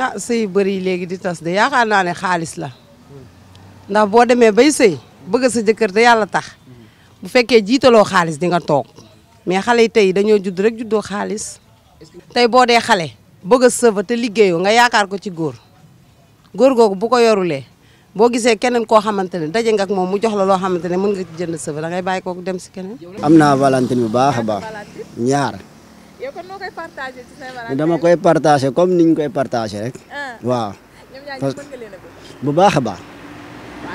ah sëy bëri léegi di tas de yaakaar naa ne xaalis la ndax boo demee bay sëy bëgg sa jëkkër te yàlla tax bu fekkee jiitaloo xaalis di nga toog mais xale yi tey dañoo judd rek juddoo xaalis tey boo dee xale bëgg a sëva te liggéeyoo nga yaakaar ko ci góor góor googu bu ko yorulee boo gisee keneen koo xamante ne daje nga ak moom mu jox la loo xamante ne mën nga ci jënd sëva da ngay bàyyi kooku dem si keneen. am naa valentine bu baax a ñaar. yow koy partagé dama koy partagé comme niñ koy partagé rek. Ah. waaw. bu baax a baax.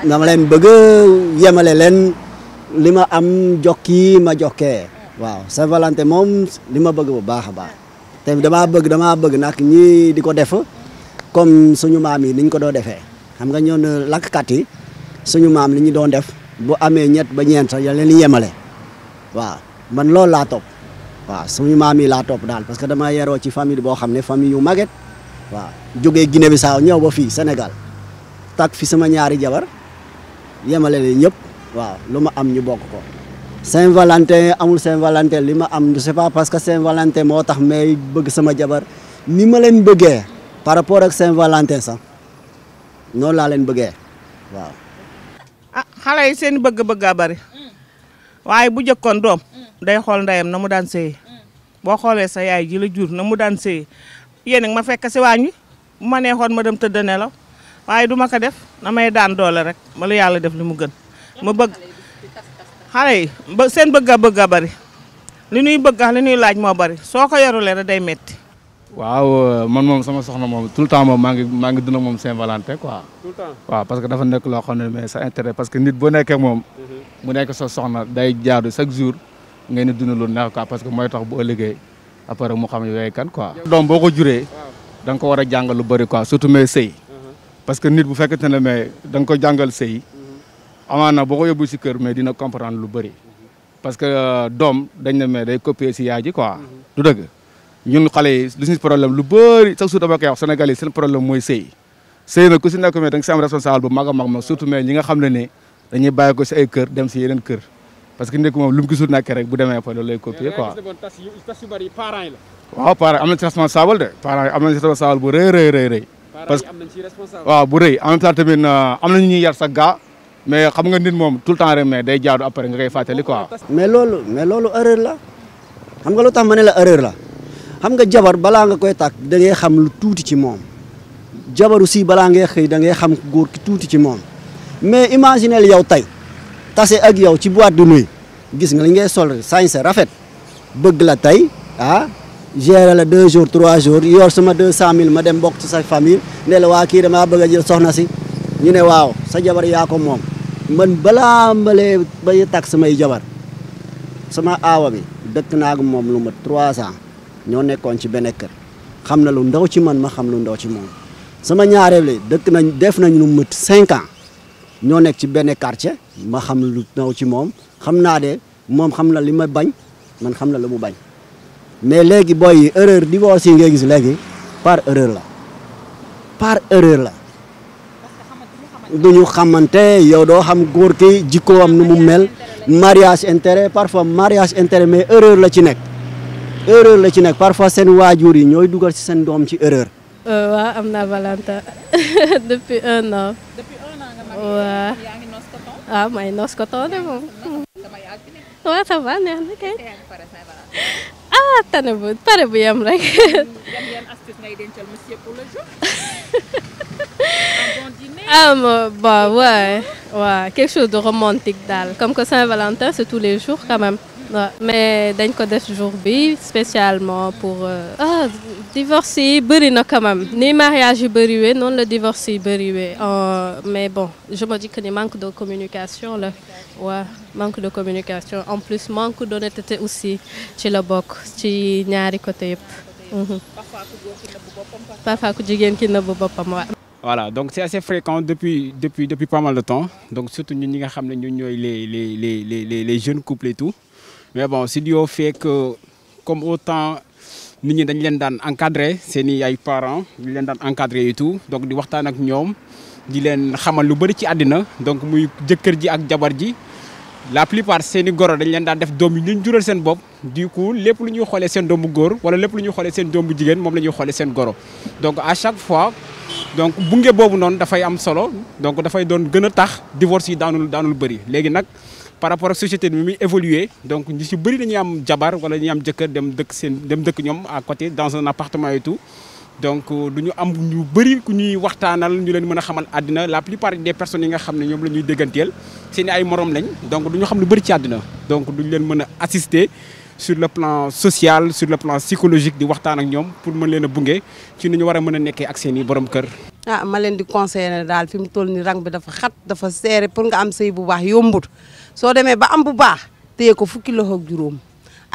dama leen bëgg yemale leen li ma am jokki ma jokkee. Ah. waaw Saint-Valentin moom li ma bëgg bu baax a baax. Ah. te damaa bëgg damaa bëgg nag ñii di ko def comme suñu maam yi niñ ko doo defee xam nga ñoon lakkat yi suñu maam li ñu doon def bu amee ñett ba ñeent sax leen yemale waaw man loolu laa waaw suñu maam yi laa topp daal parce que dama yeroo ci famille boo xam ne famille yu màgget waaw jógee Guinée saa ñëw ba fii Sénégal takk fi sama ñaari jabar yemale leen ñëpp waaw lu ma am ñu bokk ko Saint-Valentin amul seen valentin li ma am je sais pas parce que seen valentin moo tax may bëgg sama jabar ni ma leen bëggee par rapport ak seen valentin sax noonu laa leen bëggee waaw. ah xale yi seen bëgg-bëgg a bari waaye bu jëkkoon doom. day xool ndeyam na mu daan sëy boo xoolee sa yaay ji la jur na mu daan sëy yéen nag ma fekk si waañ wi bu ma neexoon ma dem tëdd nelaw waaye du ma ko def na may daan doole rek ma la yàlla def li mu gën ma bëgg xale ba seen bëgg a bëgg a bari li ñuy bëgg li ñuy laaj moo bari soo ko yorulee rek day metti waaw euh, man moom sama soxna moom tout le temps moom maa ngi maa ngi dund moom Saint-Valentin quoi. tout le temps waaw parce que dafa nekk loo xam ne mais sa intérêt parce que nit boo nekkee moom. Mm-hmm. mu nekk sa soxna day jaadu chaque jour. ngeen di dund lu neex quoi parce que mooy tax bu ëllëgee après mu xam yooyu kan quoi. boo ko juree da ko war a jàngal lu bëri quoi surtout mais sëy parce que nit bu fekkente ne mais da ko jàngal sëy amaana boo ko yóbbu si kër mais dina comprendre lu bëri parce que euh, doom dañ ne mais day copier si yaay ji quoi du dëgg ñun xale yi lu suñu problème lu bëri chaque jour dama koy wax Sénégal yi seen problème mooy sëy sëy na ku si nekk mais da nga responsable bu mag a mag ma surtout mais ñi nga xam ne ne dañuy bàyyi ko si ay kër dem si yeneen kër parce que ndekk moom lu mu gisul nak rek bu demee fa loolu lay copier quoi waaw parents am na ci responsable de parents am na ci responsable bu rëy rëy rëy que waaw bu rëy en même temps tamit euh, am na ñu ñuy yar sa gaa mais xam nga nit moom tout le temps rek mais day jaadu après nga koy fàttali quoi mais loolu mais loolu erreur la xam nga lu tax la erreur la xam nga jabar balaa nga koy tàkk da xam lu tuuti ci moom jabaru si balaa ngay xëy da ngay xam góor ki tuuti ci moom mais imaginel yow tey tase ak yow ci boîte de nuit gis nga li ngay sol sañse rafet bëgg la tey ah gérer la deux jours trois jours yor sama deux cent mille ma dem bokk ci sa famille ne la waa kii damaa bëgg a jël soxna si ñu ne waaw sa jabar yaa ko moom man balaa mbalee bay takk samay jabar sama aawa bi dëkk naa ak moom lu ma trois ans ñoo nekkoon ci benn kër xam na lu ndaw ci man ma xam lu ndaw ci moom sama ñaareel li dëkk nañ def nañ lu mët cinq ans ñoo nekk ci benn quartier ma xam lu naw ci moom xam naa de moom xam na li ma bañ man xam na la mu bañ mais léegi booy yi erreur divorce yi ngay gis léegi par erreur la par erreur la du ñu xamante yow doo xam góor ki jikkoom nu mu mel mariage intérêt parfois mariage intérêt mais erreur la ci nekk erreur la ci nekk parfois seen waajur yi ñooy dugal ci seen doom ci erreur. Euh, waaw am na valanta depuis un an. waaw may noos ko toone moom waaw ça va neex na kay ah tane bu pare bu yem rek ah, bon ouais ouais quelque chose de romantique daal comme que Saint-Valentin c'est tous les jours quand même waaw mais dañ ko def jour bi spécialement pour euh, ah divorce yi bëri na quand même ni mariage yu bëriwee noonu la divorce yi bëriwee mais bon je me dis ni manque de communication la waaw manque de communication en plus manque d'honnêteté aussi ci la bokk ci ñaari côté yëpp. Mhm. parfois ku jigéen ki nëbb boppam waaw. voilà donc c'est assez fréquent depuis depuis depuis pas mal de temps donc surtout ñun ñi nga xam ne ñun ñooy les les les les les jeunes couples et tout. mais bon studio fait que comme autant nit ñi dañ leen daan encadré seen i ay parents ñu leen daan encadré yi tu donc di waxtaan ak ñoom di leen xamal lu bari ci àddina donc muy jëkkër ji ak jabar ji la plupart seeni i goro dañ leen daan def doom yi ñu jural seen bopp du coup lépp lu ñuy xoolee seen doom bu góor wala lépp lu ñuy xoole seen doom bu jigéen moom la ñuy seen goro donc à chaque fois donc bunge boobu noonu dafay am solo donc dafay doon gën a tax divorce yi daanul daanul bëri léegi nag par rapport ak société bi muy évoluer donc ñu ci bëri dañuy am jabar wala ñuy am jëkkër dem dëkk seen dem dëkk ñoom à côté dans un appartement et tout donc euh, du ñu am ñu bëri ku ñuy waxtaanal ñu leen mën a xamal àddina la plupart des personnes yi nga xam ne ñoom la ñuy dégganteel seen ay morom lañ donc du ñu xam lu bëri ci àddina donc duñu leen mën a assister sur le plan sociale sur le plan psychologique di waxtaan ak ñoom pour mën leen a bunge ci ni ñu war mën a nekkee ak seen borom kër ah ma leen di conseillé ne daal fi mu toll ni rang bi dafa xat dafa seere pour nga am sëy bu baax yombut soo demee ba am bu baax téye ko fukki loxo ak juróom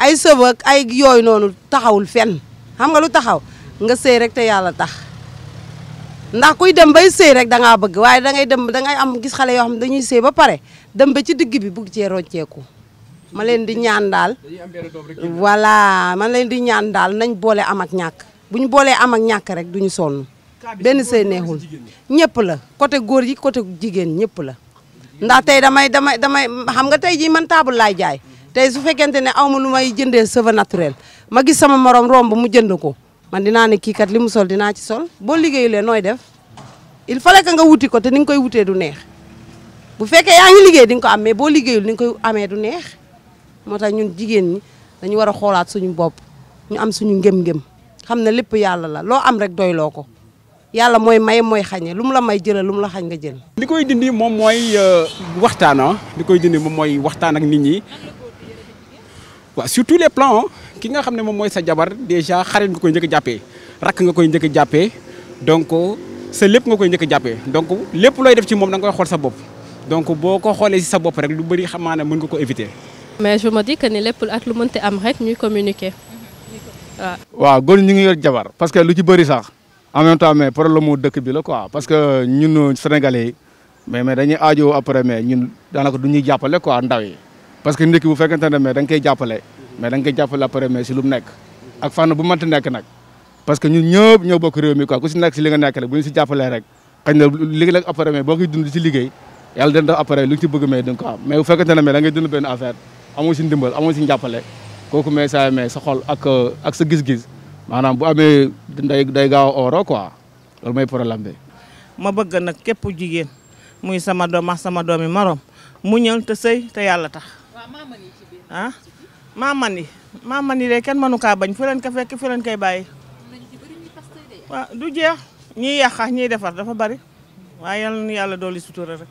ay sëb ak ay yooyu noonu taxawul fenn xam nga lu taxaw nga sëy rek te yàlla tax ndax kuy dem bay sëy rek da ngaa bëgg waaye da ngay dem da ngay am gis xale yoo xam ne dañuy sëy ba pare dem ba ci digg bi bugg cee rocceeku ma leen di ñaan daal voilà ma leen di ñaan daal nañ boole am ak ñàkk bu ñu boolee am ak ñàkk rek duñu sonn benn sëy neexul ñëpp la côté góor yi côté jigéen ñëpp la ndax tey damay damay damay xam nga tey jii man taabul laay jaay tey su fekkente ne aw ma lu may jëndee cheveux naturel ma gis sama morom bu mu jënd ko man dinaa ne kii kat li mu sol dinaa ci sol boo liggéeyulee nooy def il fallait que nga wuti ko ni nga koy wutee du neex bu fekke yaa ngi liggéey di nga ko am boo liggéeyul ni nga koy amee du neex moo tax ñun jigéen ñi dañu war a xoolaat suñu bopp ñu am suñu ngëm-ngëm xam ne lépp yàlla la loo am rek doyloo ko yàlla mooy may mooy xañe lu mu la may jëlal lu mu la xañ nga jël. li koy dindi moom mooy euh, waxtaan ah. li koy dindi moom mooy waxtaan ak nit ñi waa surtout tous les plans ah, ki nga xam ne moom mooy sa jabar déjà xarit nga koy njëkk a jàppee rakk nga koy njëkk a jàppee donc sa lépp nga koy jàppee donc lépp looy def ci moom da nga koy xool sa bopp donc boo ko xoolee si sa bopp rek lu bëri xamaa ne mën nga ko éviter. mais je ma dikk que ni lépp at lu mënti am rek ñuy communiquer waaw. waaw góor ñu ngi yor jabar parce que lu ci bëri sax. en même temps mais problème mu bi la quoi parce que ñun sénégalais yi mais mais dañuy aajo après mais ñun daanaka du ñuy jàppale quoi ndaw yi parce que ndekki bu ne mais da nga koy mais da koy jàppale après mais si lu nekk ak fànn bu mënti nekk nag parce que ñun ñëpp ñoo bokk réew mi ku si nekk si li nga nekk rek bu ñu si jàppalee rek xëy na léegi nag après mais boo koy dund si liggéey yàlla dina def après lu ñu si bëgg mais duñ ko am bu fekkente ne mais da ngay dund benn affaire amoo si ndimbal amoo si njàppale kooku mais saa mais sa xol ak ak sa gis-gis maanaam bu amee day day gaaw a loolu mooy problème bi. ma bëgg nag képp jigéen muy sama doom sama doomi marom mu ñëw te sëy te yàlla tax ah maaman yi maaman yi de kenn mënu kaa bañ fu leen ko fekk fu leen koy bàyyi waaw du jeex ñiy yàq ak defar dafa bari waaye yal yàlla dooli sutura rek